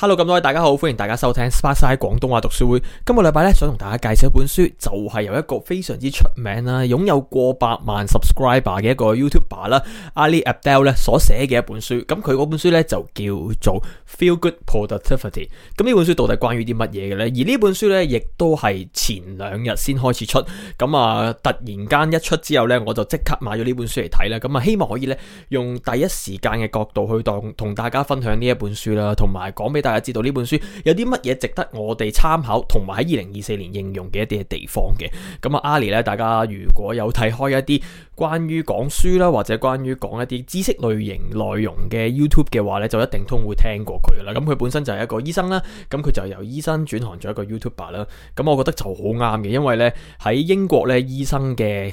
Hello，咁多位大家好，歡迎大家收聽《Sparksine 廣東話讀書會》。今個禮拜咧，想同大家介紹一本書，就係、是、由一個非常之出名啦、擁有過百萬 subscriber 嘅一個 YouTuber 啦，Ali Abdaal 咧所寫嘅一本書。咁佢本書咧就叫做《Feel Good Productivity》。咁呢本書到底關於啲乜嘢嘅咧？而呢本書咧，亦都係前兩日先開始出。咁啊，突然間一出之後咧，我就即刻買咗呢本書嚟睇啦。咁啊，希望可以咧用第一時間嘅角度去當同大家分享呢一本書啦，同埋講俾大。大家知道呢本書有啲乜嘢值得我哋參考，同埋喺二零二四年應用嘅一啲嘅地方嘅。咁啊，Ali 呢，大家如果有睇開一啲關於講書啦，或者關於講一啲知識類型內容嘅 YouTube 嘅話呢，就一定都會聽過佢噶啦。咁佢本身就係一個醫生啦，咁佢就由醫生轉行做一個 YouTuber 啦。咁我覺得就好啱嘅，因為呢喺英國呢醫生嘅。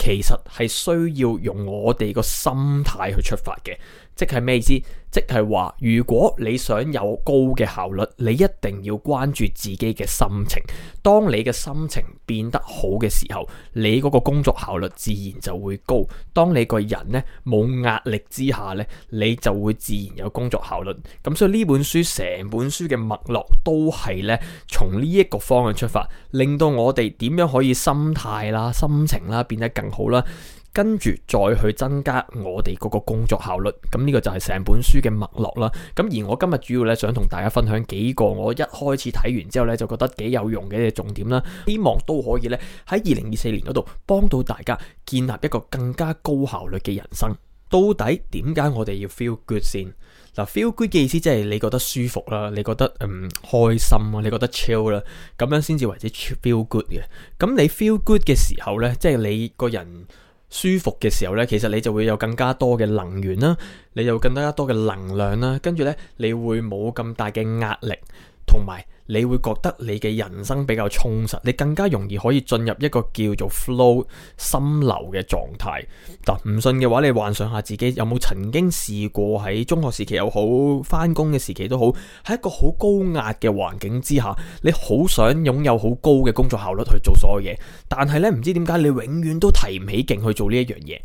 其實係需要用我哋個心態去出發嘅。即係咩意思？即係話，如果你想有高嘅效率，你一定要關注自己嘅心情。當你嘅心情變得好嘅時候，你嗰個工作效率自然就會高。當你個人呢冇壓力之下呢，你就會自然有工作效率。咁所以呢本書成本書嘅脈絡都係呢：從呢一個方向出發，令到我哋點樣可以心態啦、心情啦變得更好啦。跟住再去增加我哋嗰個工作效率，咁呢個就係成本書嘅脈絡啦。咁而我今日主要咧想同大家分享幾個我一開始睇完之後咧就覺得幾有用嘅一個重點啦，希望都可以咧喺二零二四年嗰度幫到大家建立一個更加高效率嘅人生。到底點解我哋要 feel good 先？嗱，feel good 嘅意思即係你覺得舒服啦，你覺得嗯開心啦，你覺得 chill 啦，咁樣先至為之 feel good 嘅。咁你 feel good 嘅時候呢，即係你個人。舒服嘅時候咧，其實你就會有更加多嘅能源啦，你有更加多嘅能量啦，跟住咧，你會冇咁大嘅壓力。同埋，你會覺得你嘅人生比較充實，你更加容易可以進入一個叫做 flow 心流嘅狀態。嗱，唔信嘅話，你幻想下自己有冇曾經試過喺中學時期又好，翻工嘅時期都好，喺一個好高壓嘅環境之下，你好想擁有好高嘅工作效率去做所有嘢，但係咧，唔知點解你永遠都提唔起勁去做呢一樣嘢。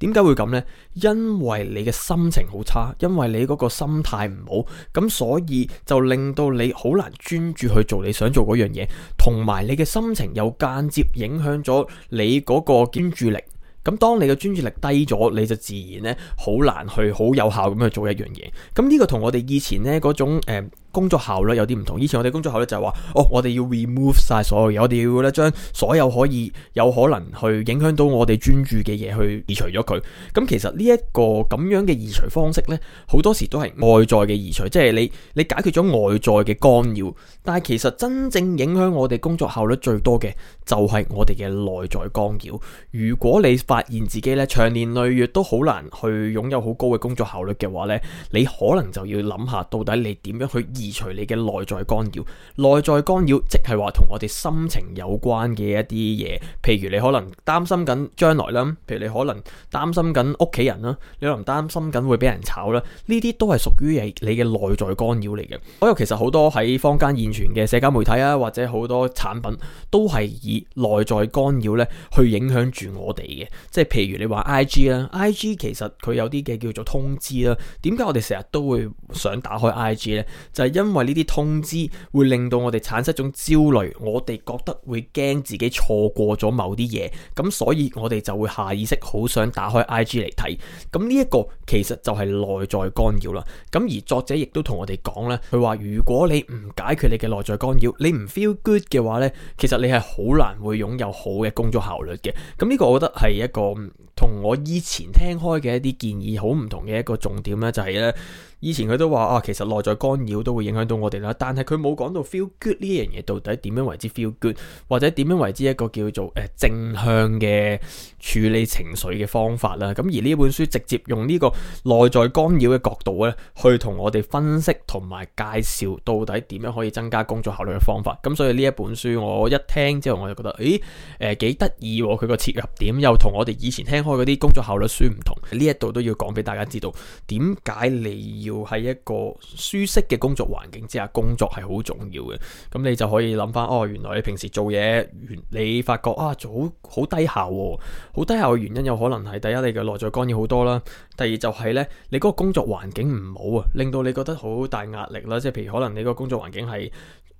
點解會咁呢？因為你嘅心情好差，因為你嗰個心態唔好，咁所以就令到你好難專注去做你想做嗰樣嘢，同埋你嘅心情又間接影響咗你嗰個專注力。咁當你嘅專注力低咗，你就自然咧好難去好有效咁去做一樣嘢。咁呢個同我哋以前咧嗰種誒。呃工作效率有啲唔同。以前我哋工作效率就係話，哦，我哋要 remove 晒所有嘢，我哋要咧將所有可以有可能去影響到我哋專注嘅嘢去移除咗佢。咁其實呢一個咁樣嘅移除方式咧，好多時都係外在嘅移除，即係你你解決咗外在嘅干擾。但係其實真正影響我哋工作效率最多嘅就係我哋嘅內在干擾。如果你發現自己咧長年累月都好難去擁有好高嘅工作效率嘅話咧，你可能就要諗下到底你點樣去。移除你嘅內在干擾，內在干擾即係話同我哋心情有關嘅一啲嘢，譬如你可能擔心緊將來啦，譬如你可能擔心緊屋企人啦，你可能擔心緊會俾人炒啦，呢啲都係屬於係你嘅內在干擾嚟嘅。我又其實好多喺坊間現存嘅社交媒體啊，或者好多產品都係以內在干擾咧去影響住我哋嘅，即係譬如你話 IG 啦，IG 其實佢有啲嘅叫做通知啦，點解我哋成日都會想打開 IG 呢？就係因為呢啲通知會令到我哋產生一種焦慮，我哋覺得會驚自己錯過咗某啲嘢，咁所以我哋就會下意識好想打開 IG 嚟睇。咁呢一個其實就係內在干擾啦。咁而作者亦都同我哋講咧，佢話如果你唔解決你嘅內在干擾，你唔 feel good 嘅話咧，其實你係好難會擁有好嘅工作效率嘅。咁呢個我覺得係一個同我以前聽開嘅一啲建議好唔同嘅一個重點咧，就是，就係咧。以前佢都話啊，其實內在干擾都會影響到我哋啦，但係佢冇講到 feel good 呢樣嘢到底點樣為之 feel good，或者點樣為之一個叫做誒、呃、正向嘅處理情緒嘅方法啦。咁而呢本書直接用呢個內在干擾嘅角度咧，去同我哋分析同埋介紹到底點樣可以增加工作效率嘅方法。咁、嗯、所以呢一本書我一聽之後我就覺得誒誒幾得意，佢、呃、個切入點又同我哋以前聽開嗰啲工作效率書唔同。呢一度都要講俾大家知道點解你要要喺一個舒適嘅工作環境之下工作係好重要嘅。咁你就可以諗翻哦，原來你平時做嘢，你發覺啊，做好好低效，好低效嘅、哦、原因有可能係第一你嘅內在干擾好多啦，第二就係、是、呢，你嗰個工作環境唔好啊，令到你覺得好大壓力啦，即係譬如可能你個工作環境係。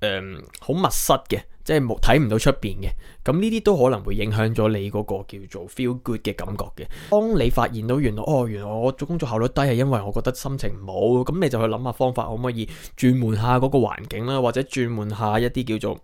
誒，好、嗯、密實嘅，即係冇睇唔到出面嘅，咁呢啲都可能會影響咗你嗰個叫做 Feel Good 嘅感覺嘅。當你發現到原來哦，原來我做工作效率低係因為我覺得心情唔好，咁你就去諗下方法可唔可以轉換下嗰個環境啦，或者轉換下一啲叫做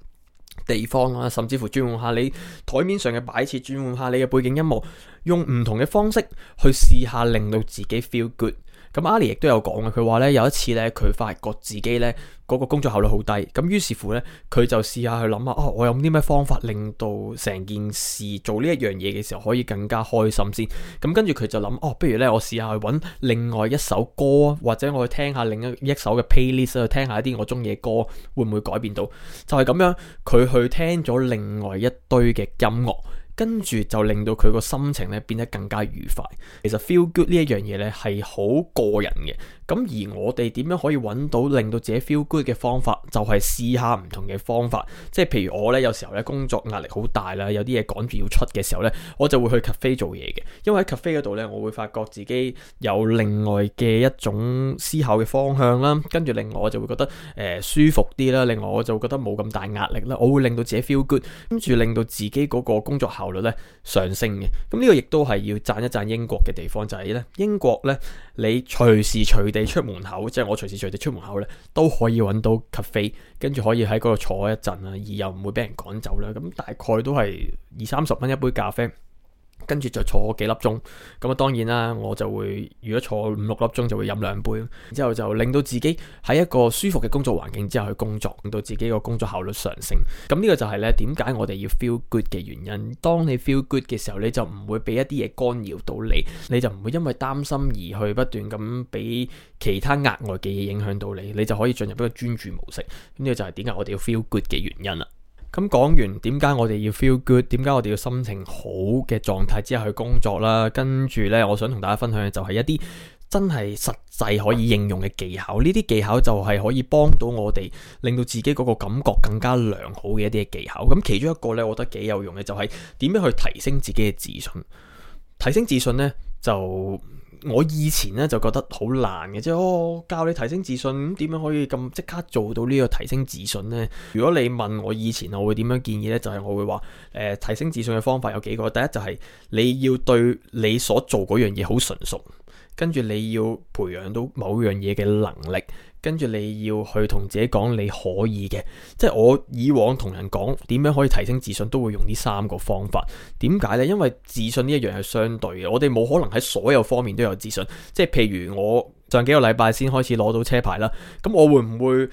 地方啊，甚至乎轉換下你台面上嘅擺設，轉換下你嘅背景音樂，用唔同嘅方式去試下令到自己 Feel Good。咁阿里亦都有講嘅，佢話咧有一次咧，佢發覺自己咧嗰個工作效率好低，咁於是乎咧，佢就試下去諗啊、哦，我有啲咩方法令到成件事做呢一樣嘢嘅時候可以更加開心先？咁跟住佢就諗，哦，不如咧我試下去揾另外一首歌，或者我去聽下另一一首嘅 playlist 去聽下一啲我中意嘅歌，會唔會改變到？就係咁樣，佢去聽咗另外一堆嘅音樂。跟住就令到佢個心情咧變得更加愉快。其實 feel good 呢一樣嘢咧係好個人嘅。咁而我哋點樣可以揾到令到自己 feel good 嘅方法，就係試下唔同嘅方法。即係譬如我呢，有時候咧工作壓力好大啦，有啲嘢趕住要出嘅時候呢，我就會去 cafe 做嘢嘅。因為喺 cafe 嗰度呢，我會發覺自己有另外嘅一種思考嘅方向啦。跟住令我就會覺得誒舒服啲啦。令我就會覺得冇咁大壓力啦。我會令到自己 feel good，跟住令到自己嗰個工作效。效率咧上升嘅，咁呢個亦都係要讚一讚英國嘅地方就係咧，英國咧你隨時隨地出門口，即係我隨時隨地出門口咧都可以揾到 cafe，跟住可以喺嗰度坐一陣啦，而又唔會俾人趕走啦，咁大概都係二三十蚊一杯咖啡。跟住就坐幾粒鐘，咁啊當然啦，我就會如果坐五六粒鐘就會飲兩杯，之後就令到自己喺一個舒服嘅工作環境之下去工作，令到自己個工作效率上升。咁呢個就係咧點解我哋要 feel good 嘅原因。當你 feel good 嘅時候，你就唔會俾一啲嘢干擾到你，你就唔會因為擔心而去不斷咁俾其他額外嘅嘢影響到你，你就可以進入一個專注模式。咁呢個就係點解我哋要 feel good 嘅原因啦。咁講完點解我哋要 feel good，點解我哋要心情好嘅狀態之下去工作啦，跟住呢，我想同大家分享嘅就係一啲真係實際可以應用嘅技巧。呢啲技巧就係可以幫到我哋，令到自己嗰個感覺更加良好嘅一啲技巧。咁其中一個呢，我覺得幾有用嘅就係點樣去提升自己嘅自信。提升自信呢，就。我以前咧就覺得好難嘅，啫、哦。係我教你提升自信，咁點樣可以咁即刻做到呢個提升自信呢？如果你問我以前，我會點樣建議呢？就係、是、我會話誒、呃、提升自信嘅方法有幾個，第一就係你要對你所做嗰樣嘢好純熟，跟住你要培養到某樣嘢嘅能力。跟住你要去同自己講你可以嘅，即係我以往同人講點樣可以提升自信，都會用呢三個方法。點解呢？因為自信呢一樣係相對嘅，我哋冇可能喺所有方面都有自信。即係譬如我上幾個禮拜先開始攞到車牌啦，咁我會唔會？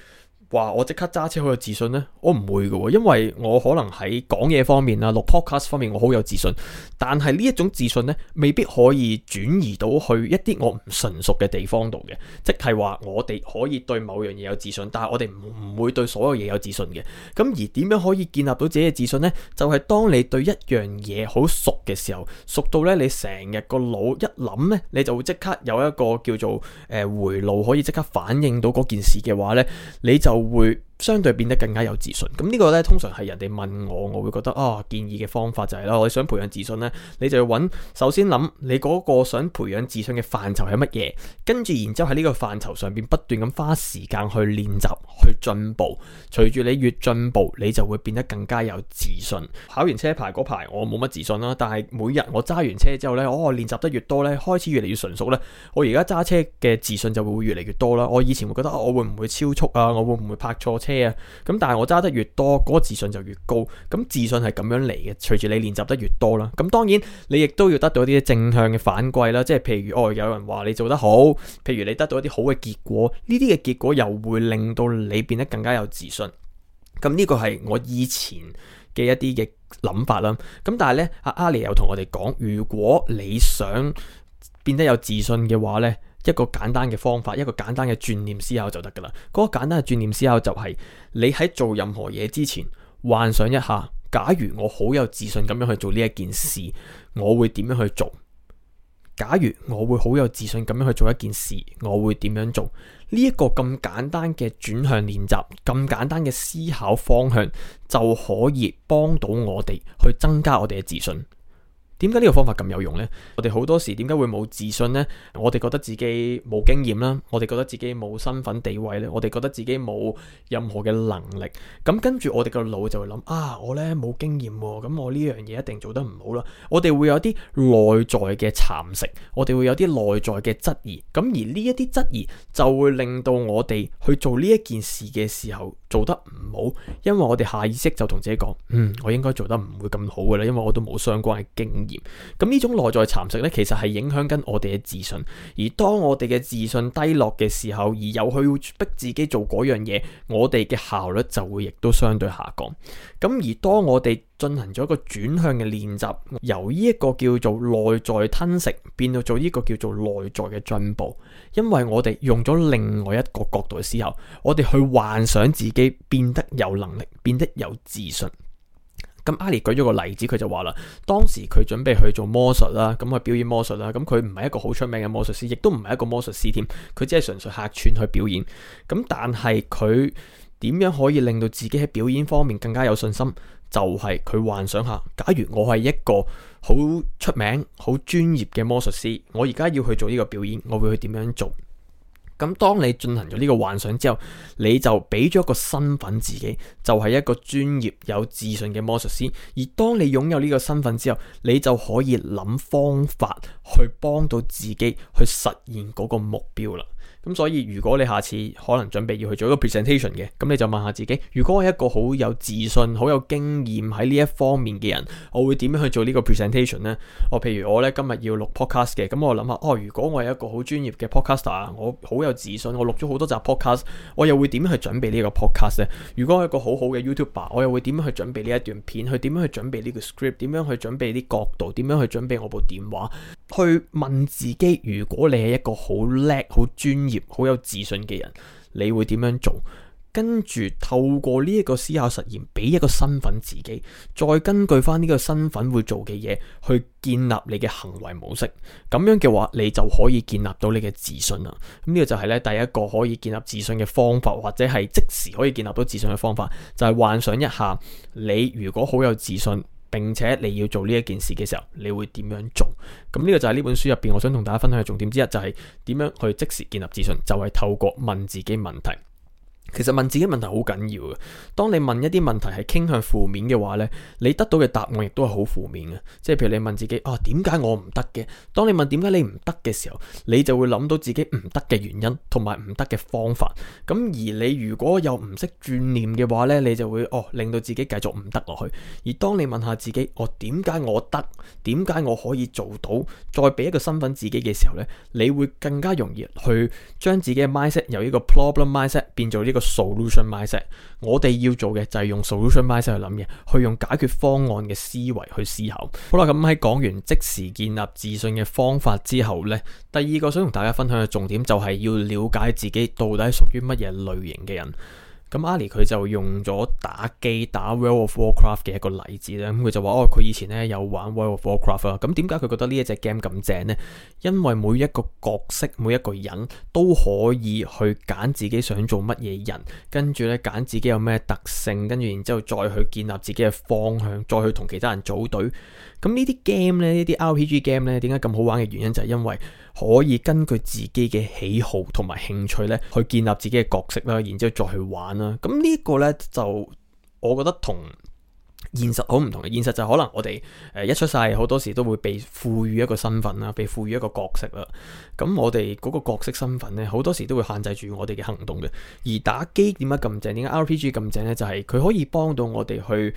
哇！我即刻揸車好有自信呢，我唔會嘅、哦，因為我可能喺講嘢方面啊，錄 podcast 方面我好有自信，但係呢一種自信呢，未必可以轉移到去一啲我唔純熟嘅地方度嘅，即係話我哋可以對某樣嘢有自信，但係我哋唔會對所有嘢有自信嘅。咁而點樣可以建立到自己嘅自信呢？就係、是、當你對一樣嘢好熟嘅時候，熟到呢，你成日個腦一諗呢，你就會即刻有一個叫做誒、呃、回路，可以即刻反應到嗰件事嘅話呢，你就。會。相對變得更加有自信。咁呢個呢，通常係人哋問我，我會覺得啊、哦，建議嘅方法就係、是、啦，我想培養自信呢，你就要揾首先諗你嗰個想培養自信嘅範疇係乜嘢，跟住然之後喺呢個範疇上邊不斷咁花時間去練習，去進步。隨住你越進步，你就會變得更加有自信。考完車牌嗰排我冇乜自信啦，但係每日我揸完車之後呢，我練習得越多呢，開始越嚟越純熟呢。我而家揸車嘅自信就會越嚟越多啦。我以前會覺得、哦、我會唔會超速啊，我會唔會泊錯車？啊！咁但係我揸得越多，嗰個自信就越高。咁自信係咁樣嚟嘅，隨住你練習得越多啦。咁當然你亦都要得到一啲正向嘅反饋啦。即係譬如哦，有人話你做得好，譬如你得到一啲好嘅結果，呢啲嘅結果又會令到你變得更加有自信。咁呢個係我以前嘅一啲嘅諗法啦。咁但係呢，阿阿里又同我哋講，如果你想變得有自信嘅話呢。一個簡單嘅方法，一個簡單嘅轉念思考就得㗎喇。嗰、那個簡單嘅轉念思考就係、是、你喺做任何嘢之前，幻想一下，假如我好有自信咁樣去做呢一件事，我會點樣去做？假如我會好有自信咁樣去做一件事，我會點樣做？呢、這、一個咁簡單嘅轉向練習，咁簡單嘅思考方向，就可以幫到我哋去增加我哋嘅自信。點解呢個方法咁有用呢？我哋好多時點解會冇自信呢？我哋覺得自己冇經驗啦，我哋覺得自己冇身份地位呢。我哋覺得自己冇任何嘅能力。咁跟住我哋個腦就會諗啊，我呢冇經驗，哦，咁我呢樣嘢一定做得唔好啦。我哋會有啲內在嘅蠶食，我哋會有啲內在嘅質疑。咁而呢一啲質疑就會令到我哋去做呢一件事嘅時候。做得唔好，因為我哋下意識就同自己講：嗯，我應該做得唔會咁好嘅啦，因為我都冇相關嘅經驗。咁、嗯、呢種內在蠶食咧，其實係影響緊我哋嘅自信。而當我哋嘅自信低落嘅時候，而又去逼自己做嗰樣嘢，我哋嘅效率就會亦都相對下降。咁、嗯、而當我哋進行咗一個轉向嘅練習，由呢一個叫做內在吞食變到做呢個叫做內在嘅進步，因為我哋用咗另外一個角度嘅思考，我哋去幻想自己變得有能力，變得有自信。咁 Ali 舉咗個例子，佢就話啦，當時佢準備去做魔術啦，咁去表演魔術啦，咁佢唔係一個好出名嘅魔術師，亦都唔係一個魔術師添，佢只係純粹客串去表演。咁但係佢點樣可以令到自己喺表演方面更加有信心？就係佢幻想下，假如我係一個好出名、好專業嘅魔術師，我而家要去做呢個表演，我會去點樣做？咁當你進行咗呢個幻想之後，你就俾咗一個身份自己，就係一個專業、有自信嘅魔術師。而當你擁有呢個身份之後，你就可以諗方法去幫到自己去實現嗰個目標啦。咁所以如果你下次可能準備要去做一個 presentation 嘅，咁你就問下自己，如果我一個好有自信、好有經驗喺呢一方面嘅人，我會點樣去做呢個 presentation 咧？我譬如我咧今日要錄 podcast 嘅，咁我諗下，哦，如果我係一個好專業嘅 podcaster，我好有自信，我錄咗好多集 podcast，我又會點樣去準備呢個 podcast 咧？如果我一個好好嘅 youtuber，我又會點樣去準備呢一段片？去點樣去準備呢個 script？點樣去準備啲角度？點樣去準備我部電話，去問自己，如果你係一個好叻、好專業，好有自信嘅人，你會點樣做？跟住透過呢一個思考實驗，俾一個身份自己，再根據翻呢個身份會做嘅嘢，去建立你嘅行為模式。咁樣嘅話，你就可以建立到你嘅自信啦。咁呢個就係咧第一個可以建立自信嘅方法，或者係即時可以建立到自信嘅方法，就係幻想一下你如果好有自信。並且你要做呢一件事嘅時候，你會點樣做？咁呢個就係呢本書入邊，我想同大家分享嘅重點之一，就係點樣去即時建立自信，就係透過問自己問題。其實問自己問題好緊要嘅，當你問一啲問題係傾向負面嘅話呢，你得到嘅答案亦都係好負面嘅。即係譬如你問自己，哦、啊，點解我唔得嘅？當你問點解你唔得嘅時候，你就會諗到自己唔得嘅原因同埋唔得嘅方法。咁而你如果又唔識轉念嘅話呢，你就會哦令到自己繼續唔得落去。而當你問下自己，我點解我得？點解我可以做到？再俾一個身份自己嘅時候呢，你會更加容易去將自己嘅 mindset 由呢個 problem mindset 變做呢、呢個。solution mindset，我哋要做嘅就係用 solution mindset 去諗嘢，去用解決方案嘅思維去思考。好啦，咁喺講完即時建立自信嘅方法之後呢，第二個想同大家分享嘅重點就係要了解自己到底屬於乜嘢類型嘅人。咁 Ali 佢就用咗打機打 World of Warcraft 嘅一個例子啦，咁佢就話哦，佢以前咧有玩 World of Warcraft 啦，咁點解佢覺得呢一隻 game 咁正呢？因為每一個角色每一個人都可以去揀自己想做乜嘢人，跟住咧揀自己有咩特性，跟住然之後再去建立自己嘅方向，再去同其他人組隊。咁呢啲 game 咧，呢啲 RPG game 咧，點解咁好玩嘅原因就係因為。可以根據自己嘅喜好同埋興趣咧，去建立自己嘅角色啦，然之後再去玩啦。咁呢個咧，就我覺得同現實好唔同嘅。現實就可能我哋誒、呃、一出世好多時都會被賦予一個身份啦，被賦予一個角色啦。咁我哋嗰個角色身份咧，好多時都會限制住我哋嘅行動嘅。而打機點解咁正？點解 RPG 咁正咧？就係、是、佢可以幫到我哋去。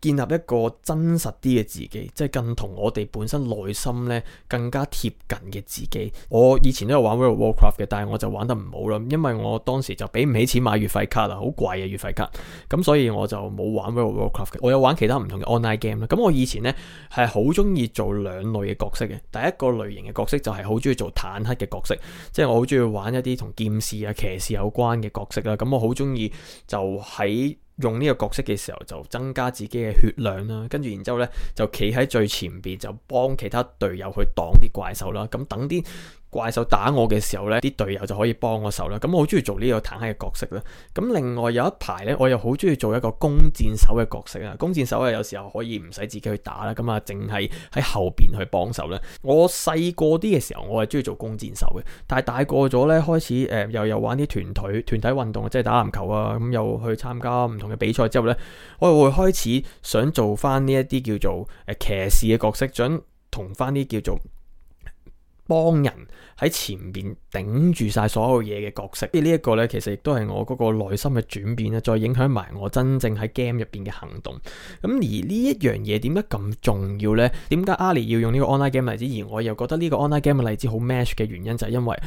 建立一個真實啲嘅自己，即係更同我哋本身內心咧更加貼近嘅自己。我以前都有玩 World of Warcraft 嘅，但係我就玩得唔好咯，因為我當時就俾唔起錢買月費卡啊，好貴啊，月費卡。咁所以我就冇玩 World of Warcraft。我有玩其他唔同嘅 online game 啦。咁我以前咧係好中意做兩類嘅角色嘅。第一個類型嘅角色就係好中意做坦克嘅角色，即係我好中意玩一啲同劍士啊、騎士有關嘅角色啦。咁我好中意就喺。用呢個角色嘅時候就增加自己嘅血量啦，跟住然之後呢就企喺最前邊就幫其他隊友去擋啲怪獸啦，咁等啲。怪獸打我嘅時候呢，啲隊友就可以幫我手啦。咁我好中意做呢個坦克嘅角色啦。咁另外有一排呢，我又好中意做一個弓箭手嘅角色啊。弓箭手啊，有時候可以唔使自己去打啦，咁啊，淨係喺後邊去幫手啦。我細個啲嘅時候，我係中意做弓箭手嘅。但係大個咗呢，開始誒、呃、又又玩啲團隊團體運動，即係打籃球啊，咁又去參加唔同嘅比賽之後呢，我又會開始想做翻呢一啲叫做誒騎士嘅角色，想同翻啲叫做。幫人喺前邊頂住晒所有嘢嘅角色，所以呢一個咧，其實亦都係我嗰個內心嘅轉變咧，再影響埋我真正喺 game 入邊嘅行動。咁、嗯、而呢一樣嘢點解咁重要呢？點解阿里要用呢個 online game 例子，而我又覺得呢個 online game 嘅例子好 match 嘅原因，就係因為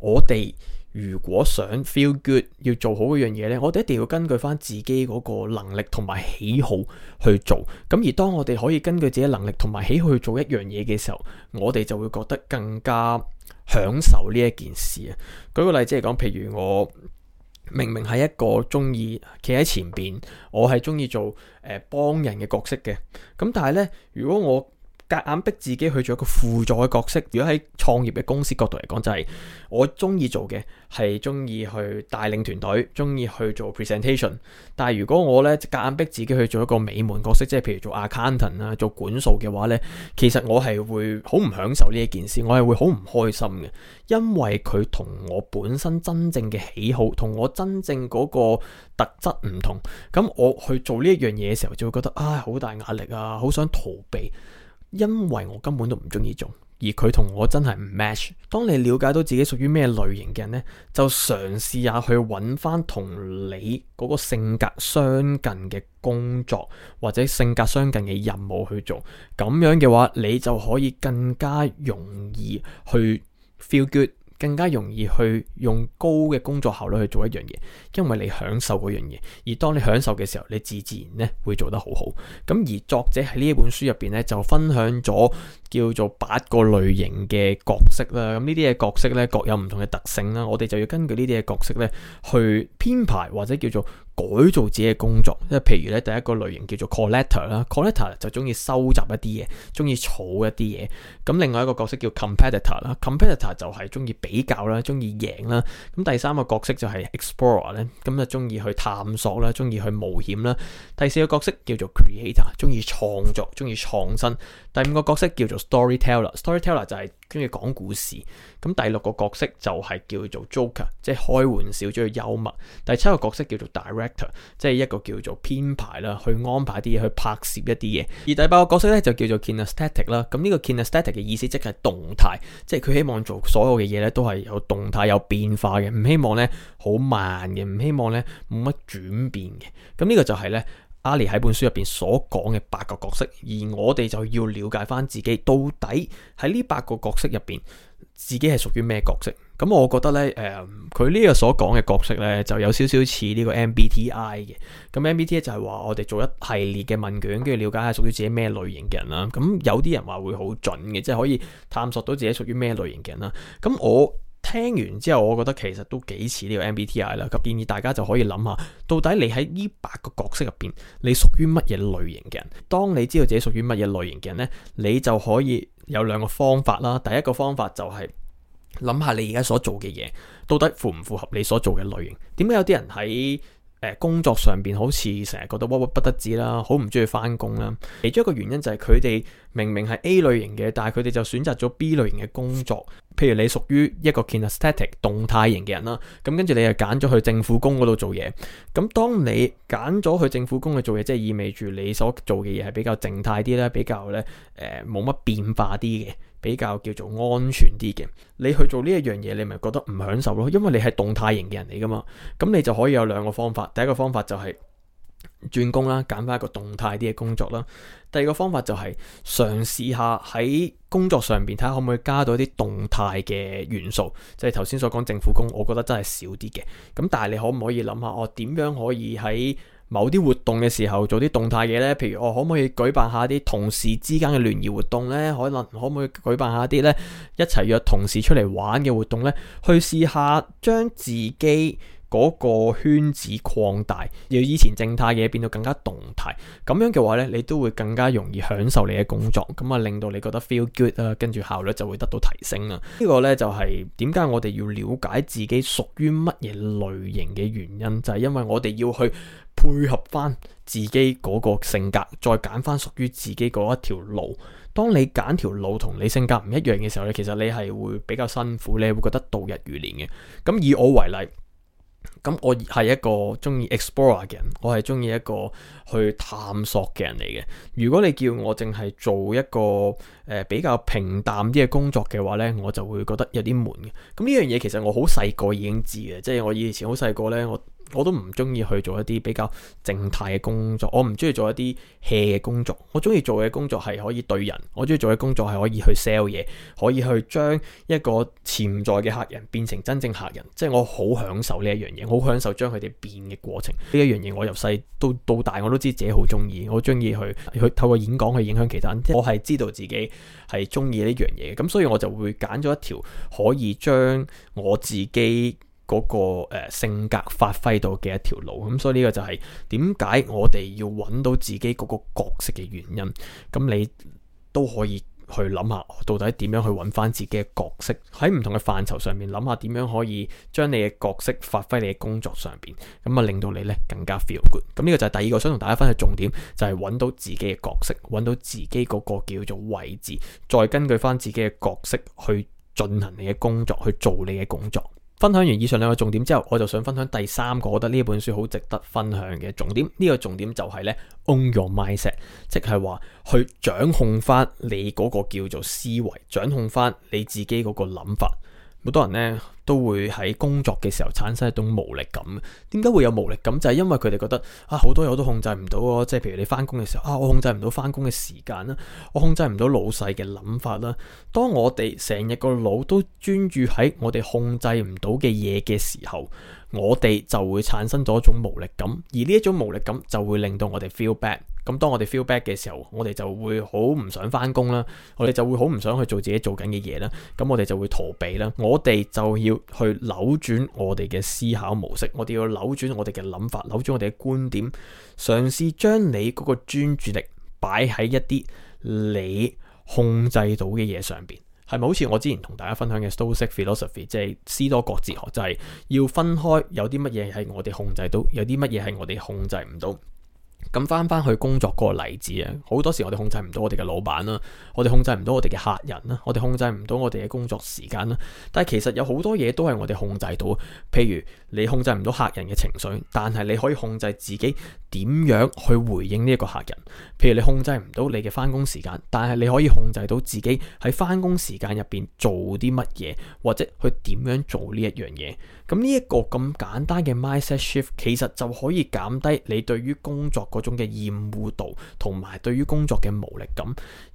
我哋。如果想 feel good，要做好嗰樣嘢呢，我哋一定要根據翻自己嗰個能力同埋喜好去做。咁而當我哋可以根據自己能力同埋喜好去做一樣嘢嘅時候，我哋就會覺得更加享受呢一件事啊！舉個例子嚟講，譬如我明明係一個中意企喺前面，我係中意做誒、呃、幫人嘅角色嘅。咁但係呢，如果我夾硬逼自己去做一個輔助嘅角色，如果喺創業嘅公司角度嚟講，就係、是、我中意做嘅係中意去帶領團隊，中意去做 presentation。但係如果我咧夾硬逼自己去做一個美門角色，即係譬如做 accountant 啊，做管數嘅話咧，其實我係會好唔享受呢一件事，我係會好唔開心嘅，因為佢同我本身真正嘅喜好，同我真正嗰個特質唔同。咁我去做呢一樣嘢嘅時候，就會覺得啊好、哎、大壓力啊，好想逃避。因為我根本都唔中意做，而佢同我真係唔 match。當你了解到自己屬於咩類型嘅人呢，就嘗試下去揾翻同你嗰個性格相近嘅工作，或者性格相近嘅任務去做。咁樣嘅話，你就可以更加容易去 feel good。更加容易去用高嘅工作效率去做一樣嘢，因為你享受嗰樣嘢。而當你享受嘅時候，你自然咧會做得好好。咁而作者喺呢一本書入邊咧，就分享咗叫做八個類型嘅角色啦。咁呢啲嘅角色咧各有唔同嘅特性啦。我哋就要根據呢啲嘅角色咧去編排或者叫做。改造自己嘅工作，即係譬如咧，第一個類型叫做 collector 啦，collector 就中意收集一啲嘢，中意儲一啲嘢。咁另外一個角色叫 competitor 啦，competitor 就係中意比較啦，中意贏啦。咁第三個角色就係 explorer 咧，咁就中意去探索啦，中意去冒險啦。第四個角色叫做 creator，中意創作，中意創新。第五個角色叫做 storyteller，storyteller 就係、是。跟住講故事，咁第六個角色就係叫做 Joker，即係開玩笑，即係幽默。第七個角色叫做 Director，即係一個叫做編排啦，去安排啲嘢，去拍攝一啲嘢。而第八個角色咧就叫做 Kinesthetic 啦，咁呢個 Kinesthetic 嘅意思即係動態，即係佢希望做所有嘅嘢咧都係有動態有變化嘅，唔希望咧好慢嘅，唔希望咧冇乜轉變嘅。咁呢個就係咧。阿里喺本書入邊所講嘅八個角色，而我哋就要了解翻自己到底喺呢八個角色入邊，自己係屬於咩角色？咁我覺得咧，誒、呃，佢呢個所講嘅角色咧，就有少少似呢個 MBTI 嘅。咁 MBTI 就係話我哋做一系列嘅問卷，跟住了解下屬於自己咩類型嘅人啦。咁有啲人話會好準嘅，即係可以探索到自己屬於咩類型嘅人啦。咁我。聽完之後，我覺得其實都幾似呢個 MBTI 啦，咁建議大家就可以諗下，到底你喺呢八個角色入邊，你屬於乜嘢類型嘅人？當你知道自己屬於乜嘢類型嘅人呢，你就可以有兩個方法啦。第一個方法就係諗下你而家所做嘅嘢，到底符唔符合你所做嘅類型？點解有啲人喺誒工作上邊好似成日覺得屈屈不得志啦，好唔中意翻工啦？其中一個原因就係佢哋明明係 A 類型嘅，但係佢哋就選擇咗 B 類型嘅工作。譬如你屬於一個 kinesthetic 動態型嘅人啦，咁跟住你又揀咗去政府工嗰度做嘢，咁當你揀咗去政府工去做嘢，即係意味住你所做嘅嘢係比較靜態啲啦，比較咧誒冇乜變化啲嘅，比較叫做安全啲嘅。你去做呢一樣嘢，你咪覺得唔享受咯，因為你係動態型嘅人嚟噶嘛。咁你就可以有兩個方法，第一個方法就係。轉工啦，揀翻一個動態啲嘅工作啦。第二個方法就係嘗試下喺工作上邊睇下可唔可以加到一啲動態嘅元素，即係頭先所講政府工，我覺得真係少啲嘅。咁但係你可唔可以諗下，我、哦、點樣可以喺某啲活動嘅時候做啲動態嘢呢？譬如我可唔可以舉辦一下啲同事之間嘅聯誼活動呢？可能可唔可以舉辦一下啲呢一齊約同事出嚟玩嘅活動呢？去試下將自己。嗰個圈子擴大，要以前靜態嘢變到更加動態，咁樣嘅話呢，你都會更加容易享受你嘅工作，咁啊令到你覺得 feel good 啊，跟住效率就會得到提升啊。呢個呢，就係點解我哋要了解自己屬於乜嘢類型嘅原因，就係因為我哋要去配合翻自己嗰個性格，再揀翻屬於自己嗰一條路。當你揀條路同你性格唔一樣嘅時候咧，其實你係會比較辛苦，你會覺得度日如年嘅。咁以我為例。咁我係一個中意 explore 嘅人，我係中意一個去探索嘅人嚟嘅。如果你叫我淨係做一個誒、呃、比較平淡啲嘅工作嘅話咧，我就會覺得有啲悶嘅。咁呢樣嘢其實我好細個已經知嘅，即係我以前好細個咧我。我都唔中意去做一啲比較靜態嘅工作，我唔中意做一啲 hea 嘅工作。我中意做嘅工作係可以對人，我中意做嘅工作係可以去 sell 嘢，可以去將一個潛在嘅客人變成真正客人。即係我好享受呢一樣嘢，好享受將佢哋變嘅過程。呢一樣嘢我由細到到大我都知自己好中意，我中意去去透過演講去影響其他人。是我係知道自己係中意呢樣嘢嘅，咁所以我就會揀咗一條可以將我自己。嗰個誒性格發揮到嘅一條路，咁所以呢個就係點解我哋要揾到自己嗰個角色嘅原因。咁你都可以去諗下，到底點樣去揾翻自己嘅角色？喺唔同嘅範疇上面諗下，點樣可以將你嘅角色發揮你嘅工作上邊，咁啊令到你咧更加 feel good。咁呢個就係第二個想同大家分享重點，就係揾到自己嘅角色，揾到自己嗰個叫做位置，再根據翻自己嘅角色去進行你嘅工作，去做你嘅工作。分享完以上兩個重點之後，我就想分享第三個，我覺得呢本書好值得分享嘅重點。呢、這個重點就係呢 Own your mindset，即係話去掌控翻你嗰個叫做思維，掌控翻你自己嗰個諗法。好多人呢都會喺工作嘅時候產生一種無力感。點解會有無力感？就係因為佢哋覺得啊，好多嘢我都控制唔到咯。即係譬如你返工嘅時候，啊，我控制唔到返工嘅時間啦，我控制唔到老細嘅諗法啦。當我哋成日個腦都專注喺我哋控制唔到嘅嘢嘅時候。我哋就會產生咗一種無力感，而呢一種無力感就會令到我哋 feel bad。咁當我哋 feel bad 嘅時候，我哋就會好唔想翻工啦，我哋就會好唔想去做自己做緊嘅嘢啦，咁我哋就會逃避啦。我哋就要去扭轉我哋嘅思考模式，我哋要扭轉我哋嘅諗法，扭轉我哋嘅觀點，嘗試將你嗰個專注力擺喺一啲你控制到嘅嘢上邊。係咪好似我之前同大家分享嘅 Stoic philosophy，即係斯多葛哲學，就係要分開有啲乜嘢係我哋控制到，有啲乜嘢係我哋控制唔到。咁翻翻去工作個例子啊，好多時我哋控制唔到我哋嘅老闆啦，我哋控制唔到我哋嘅客人啦，我哋控制唔到我哋嘅工作時間啦。但係其實有好多嘢都係我哋控制到，譬如你控制唔到客人嘅情緒，但係你可以控制自己點樣去回應呢一個客人。譬如你控制唔到你嘅翻工時間，但係你可以控制到自己喺翻工時間入邊做啲乜嘢，或者去點樣做呢一樣嘢。咁呢一個咁簡單嘅 mindset shift，其實就可以減低你對於工作個種嘅厭惡度同埋對於工作嘅無力感，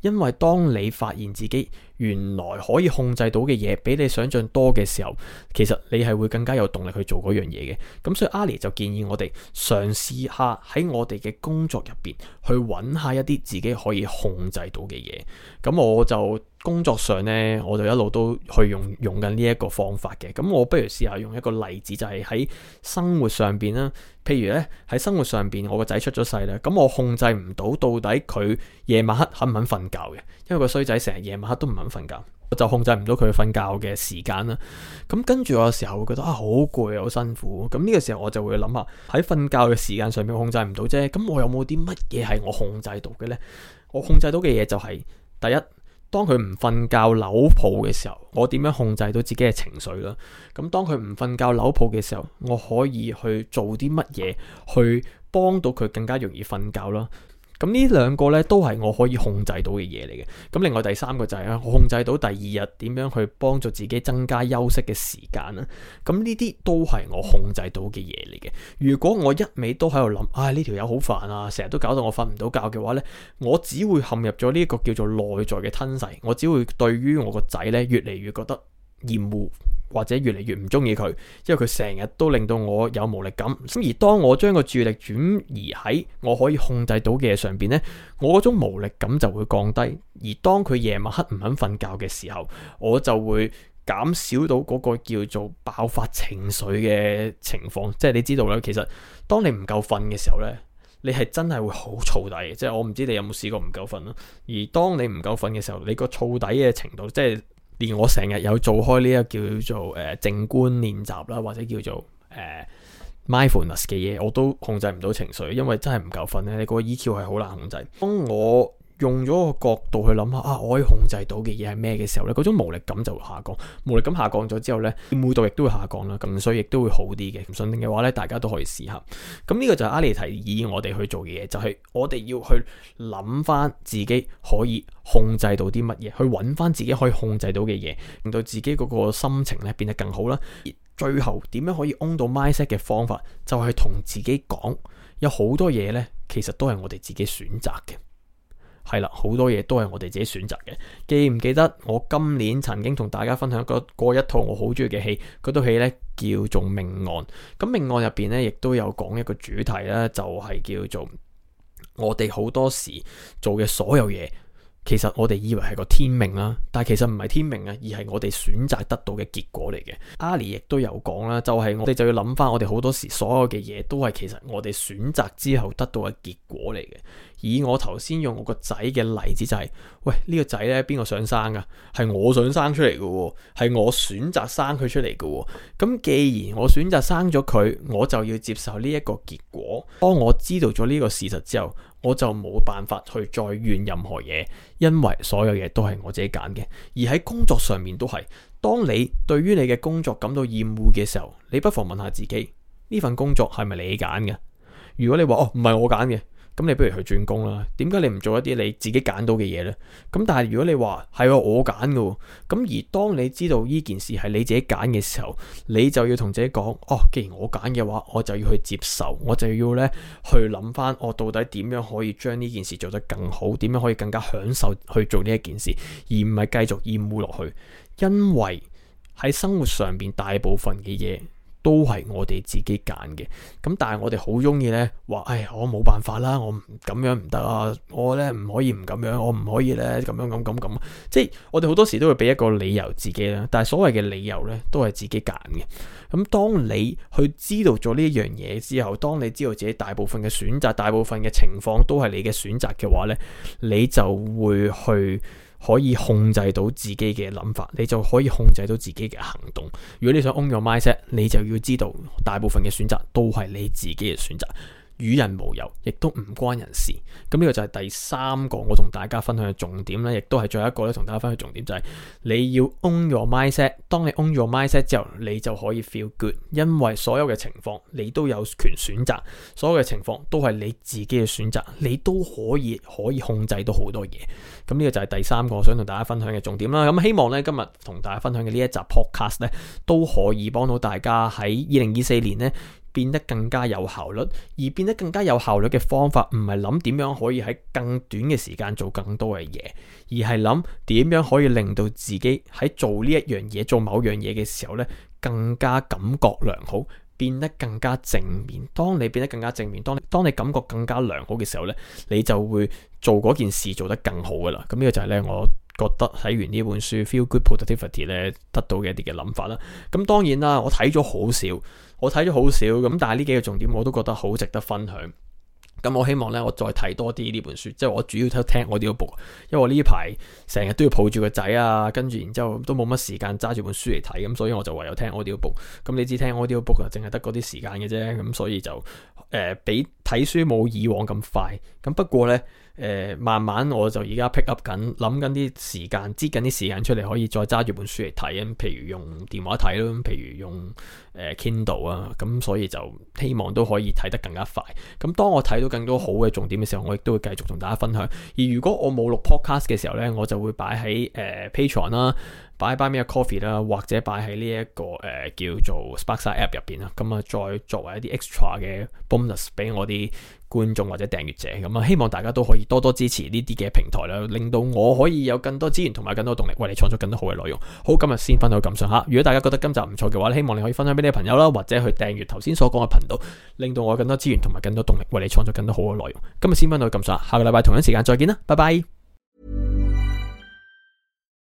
因為當你發現自己原來可以控制到嘅嘢比你想象多嘅時候，其實你係會更加有動力去做嗰樣嘢嘅。咁所以阿 l 就建議我哋嘗試下喺我哋嘅工作入邊去揾下一啲自己可以控制到嘅嘢。咁我就。工作上呢，我就一路都去用用緊呢一個方法嘅。咁我不如試下用一個例子，就係喺生活上邊啦。譬如呢，喺生活上邊，我個仔出咗世啦，咁我控制唔到到底佢夜晚黑肯唔肯瞓覺嘅，因為個衰仔成日夜晚黑都唔肯瞓覺，我就控制唔到佢瞓覺嘅時間啦。咁跟住我有時候會覺得啊，好攰，好辛苦。咁呢個時候我就會諗下喺瞓覺嘅時間上面控制唔到啫。咁我有冇啲乜嘢係我控制到嘅呢？我控制到嘅嘢就係第一。當佢唔瞓覺扭抱嘅時候，我點樣控制到自己嘅情緒啦？咁當佢唔瞓覺扭抱嘅時候，我可以去做啲乜嘢去幫到佢更加容易瞓覺啦？咁呢兩個呢都係我可以控制到嘅嘢嚟嘅。咁另外第三個就係啊，我控制到第二日點樣去幫助自己增加休息嘅時間啦。咁呢啲都係我控制到嘅嘢嚟嘅。如果我一味都喺度諗，唉呢條友好煩啊，成日都搞到我瞓唔到覺嘅話呢，我只會陷入咗呢個叫做內在嘅吞噬。我只會對於我個仔呢越嚟越覺得厭惡。或者越嚟越唔中意佢，因為佢成日都令到我有無力感。而當我將個注意力轉移喺我可以控制到嘅嘢上邊呢，我嗰種無力感就會降低。而當佢夜晚黑唔肯瞓覺嘅時候，我就會減少到嗰個叫做爆發情緒嘅情況。即係你知道啦，其實當你唔夠瞓嘅時候呢，你係真係會好燥底。即係我唔知你有冇試過唔夠瞓啦。而當你唔夠瞓嘅時候，你個燥底嘅程度即係。連我成日有做開呢一個叫做誒、呃、靜觀練習啦，或者叫做誒、呃、mindfulness 嘅嘢，我都控制唔到情緒，因為真係唔夠瞓咧，你個 EQ 係好難控制。當我用咗個角度去諗下啊，我可以控制到嘅嘢係咩嘅時候呢，嗰種無力感就會下降，無力感下降咗之後呢，每度亦都會下降啦，所以亦都會好啲嘅。唔信嘅話呢，大家都可以試下。咁呢個就係阿麗提議我哋去做嘅嘢，就係我哋要去諗翻自己可以控制到啲乜嘢，去揾翻自己可以控制到嘅嘢，令到自己嗰個心情咧變得更好啦。而最後點樣可以 own 到 mindset 嘅方法，就係同自己講有好多嘢呢，其實都係我哋自己選擇嘅。係啦，好多嘢都係我哋自己選擇嘅。記唔記得我今年曾經同大家分享過一套我好中意嘅戲？嗰套戲呢叫做《命案》。咁命案入邊呢，亦都有講一個主題啦，就係叫做我哋好多時做嘅所有嘢，其實我哋以為係個天命啦，但係其實唔係天命啊，而係我哋選擇得到嘅結果嚟嘅。阿里亦都有講啦，就係我哋就要諗翻我哋好多時所有嘅嘢，都係其實我哋選擇之後得到嘅結果嚟嘅。以我頭先用我個仔嘅例子就係，喂呢個仔呢，邊個想生噶係我想生出嚟噶係我選擇生佢出嚟噶。咁既然我選擇生咗佢，我就要接受呢一個結果。當我知道咗呢個事實之後，我就冇辦法去再怨任何嘢，因為所有嘢都係我自己揀嘅。而喺工作上面都係，當你對於你嘅工作感到厭惡嘅時候，你不妨問下自己，呢份工作係咪你揀嘅？如果你話哦，唔係我揀嘅。咁你不如去轉工啦？點解你唔做一啲你自己揀到嘅嘢呢？咁但係如果你話係我揀㗎喎，咁而當你知道呢件事係你自己揀嘅時候，你就要同自己講：哦，既然我揀嘅話，我就要去接受，我就要呢去諗翻我到底點樣可以將呢件事做得更好？點樣可以更加享受去做呢一件事，而唔係繼續厭惡落去。因為喺生活上面大部分嘅嘢。都係我哋自己揀嘅，咁但係我哋好中意呢，話誒我冇辦法啦，我唔咁樣唔得啊，我呢唔可以唔咁樣，我唔可以呢咁樣咁咁咁，即係我哋好多時都會俾一個理由自己啦，但係所謂嘅理由呢都係自己揀嘅。咁當你去知道咗呢樣嘢之後，當你知道自己大部分嘅選擇、大部分嘅情況都係你嘅選擇嘅話呢，你就會去。可以控制到自己嘅諗法，你就可以控制到自己嘅行動。如果你想 own your mindset，你就要知道大部分嘅選擇都係你自己嘅選擇。與人無尤，亦都唔關人事。咁呢個就係第三個我同大家分享嘅重點咧，亦都係最後一個咧同大家分享嘅重點就係、是、你要 own your mindset。當你 own your mindset 之後，你就可以 feel good，因為所有嘅情況你都有權選擇，所有嘅情況都係你自己嘅選擇，你都可以可以控制到好多嘢。咁呢個就係第三個我想同大家分享嘅重點啦。咁希望呢今日同大家分享嘅呢一集 podcast 呢，都可以幫到大家喺二零二四年呢，變得更加有效率，而變得更加有效率嘅方法，唔係諗點樣可以喺更短嘅時間做更多嘅嘢，而係諗點樣可以令到自己喺做呢一樣嘢、做某樣嘢嘅時候呢，更加感覺良好，變得更加正面。當你變得更加正面，當你當你感覺更加良好嘅時候呢，你就會做嗰件事做得更好㗎喇。咁呢個就係呢我覺得睇完呢本書 Feel Good Productivity 咧，得到嘅一啲嘅諗法啦。咁當然啦，我睇咗好少，我睇咗好少。咁但係呢幾個重點，我都覺得好值得分享。咁我希望咧，我再睇多啲呢本書，即係我主要都聽 audio book。因為我呢排成日都要抱住個仔啊，跟住然之後都冇乜時間揸住本書嚟睇，咁所以我就唯有聽 audio book。咁你知題題只聽 audio book 啊，淨係得嗰啲時間嘅啫，咁所以就誒、呃、比睇書冇以往咁快。咁不過咧。誒、呃、慢慢我就而家 pick up 緊，諗緊啲時間，擠緊啲時間出嚟，可以再揸住本書嚟睇。咁譬如用電話睇咯，譬如用誒、呃、Kindle 啊，咁所以就希望都可以睇得更加快。咁當我睇到更多好嘅重點嘅時候，我亦都會繼續同大家分享。而如果我冇錄 podcast 嘅時候呢，我就會擺喺誒 Patreon 啦、啊。擺喺杯面嘅 coffee 啦，ee, 或者擺喺呢一個誒、呃、叫做 Sparksine、er、App 入邊啦，咁啊再作為一啲 extra 嘅 bonus 俾我啲觀眾或者訂閱者咁啊，希望大家都可以多多支持呢啲嘅平台啦，令到我可以有更多資源同埋更多動力為你創作更多好嘅內容。好，今日先分享到咁上下。如果大家覺得今集唔錯嘅話，希望你可以分享俾你嘅朋友啦，或者去訂閱頭先所講嘅頻道，令到我更多資源同埋更多動力為你創作更多好嘅內容。今日先分享到咁上下，下個禮拜同樣時間再見啦，拜拜。